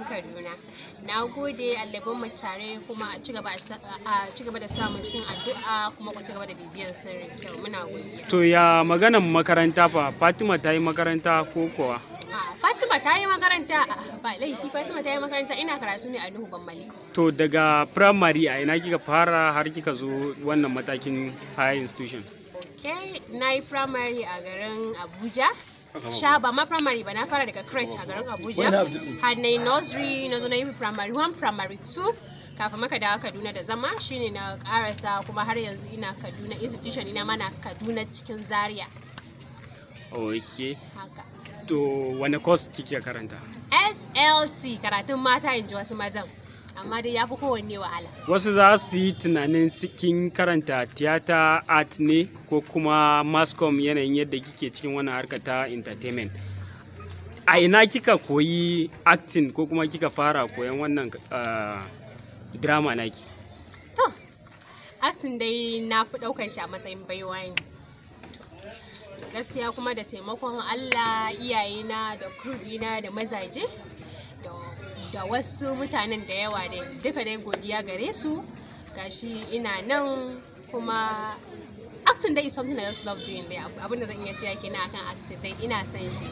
kaduna na gode allabin mu tare kuma a ci da samun cikin addu'a kuma ku ci gaba da bibiyan sirri kyau muna godiya to ya maganan makaranta fa fatima ta yi makaranta ko kuwa Fatima ta yi makaranta ba laifi Fatima ta yi makaranta ina karatu ne a Nuhu Bammali. To daga primary a ina kika fara har kika zo wannan matakin higher institution? Okay, na yi primary a garin Abuja. shaba ma primary ba na fara daga crèche a garin Abuja har na yi nursery na zo na yi primary one primary two kafin maka dawo Kaduna da zama shine na karasa kuma har yanzu ina Kaduna institution ina mana Kaduna cikin Zaria ok haka to wani course kike karanta SLT karatun mata in ji wasu mazan amma dai ya fi kowanne wahala wasu za su yi tunanin kin karanta tiyata art ne ko kuma mascom yanayin yadda kike cikin wannan harka ta entertainment a ina kika koyi acting ko kuma kika fara koyan wannan uh, drama naki to acting dai na fi ɗaukar shi a matsayin baiwa ne gaskiya kuma da taimakon allah iyayena da kurina da mazaje da wasu mutanen da yawa dai duka dai godiya gare su gashi ina nan kuma acting dai is something I just love doing dai abin da zan iya cewa kenan akan acting dai ina son shi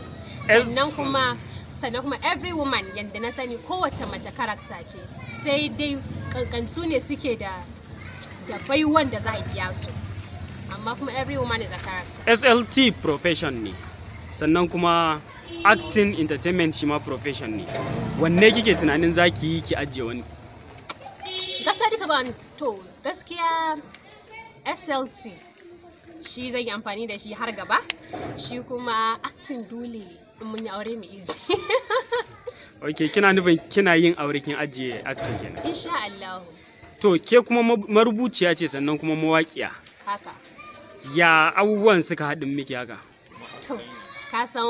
sannan kuma sannan kuma every woman yadda na sani kowace mace character ce sai dai kankantu ne suke da da baiwan da za a biya su amma kuma every woman is a character SLT profession ne sannan kuma acting entertainment shi ma profession ne wanne kike tunanin za ki yi ki ajiye wani gaskiya duka ba to gaskiya slt shi zai yi amfani da shi har gaba shi kuma acting dole in mun yi aure mu iji ok kina nufin kina yin aure kin ajiye acting kenan insha Allah to ke kuma marubuciya ce sannan kuma mawaƙiya haka ya abubuwan suka haɗin miki haka ka san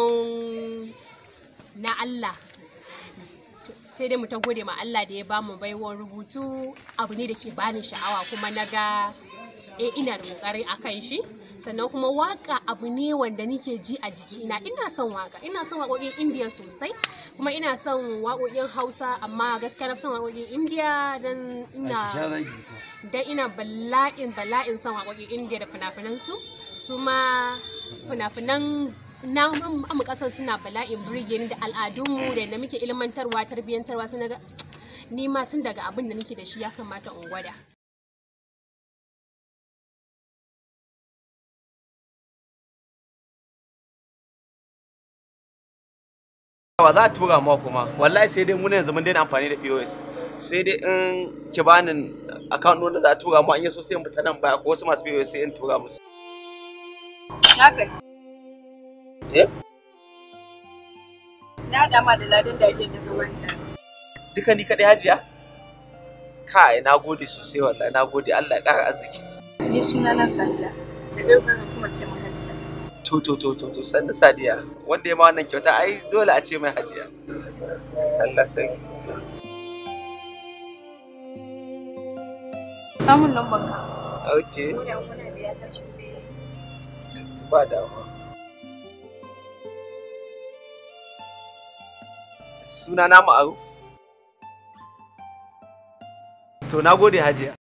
na Allah sai dai mu ta gode ma Allah da ya ba mu baiwar rubutu abu ne da ke bani sha'awa kuma na ga e ina da kokari a kan shi sannan kuma waka abu ne wanda nike ji a jiki ina ina son waka ina son waƙoƙin indiya sosai kuma ina son waƙoƙin hausa amma gaskiya na son waƙoƙin indiya dan ina dan ina bala'in bala'in son waƙoƙin indiya da fina-finansu su ma fina-finan na mu kasar suna bala'in burge ni da al'adunmu da na muke ilmantarwa tarbiyyantarwa suna ga ni ma tun daga abin da nake da shi ya kamata in gwada ba za a tura ma kuma wallahi sai dai muna yanzu mun daina amfani da POS sai dai in ki bani account din da za a tura mu an yi so sai mu ta nan ba ko wasu masu POS sai in tura musu Eh? Na dama da ladan da ake daga wannan. Duka ni kaɗai hajiya? Kai, na gode sosai wallahi, na gode Allah ya ƙara arziki. Ni suna na Sadiya, da ɗaukar kuma ce hajiya. To to to to to sannu Sadiya, wanda ya ma wannan kyauta ai dole a ce mai hajiya. Allah sai. Samun lambar ka. sai. Ba damuwa. suna na ma'aru to na gode hajiya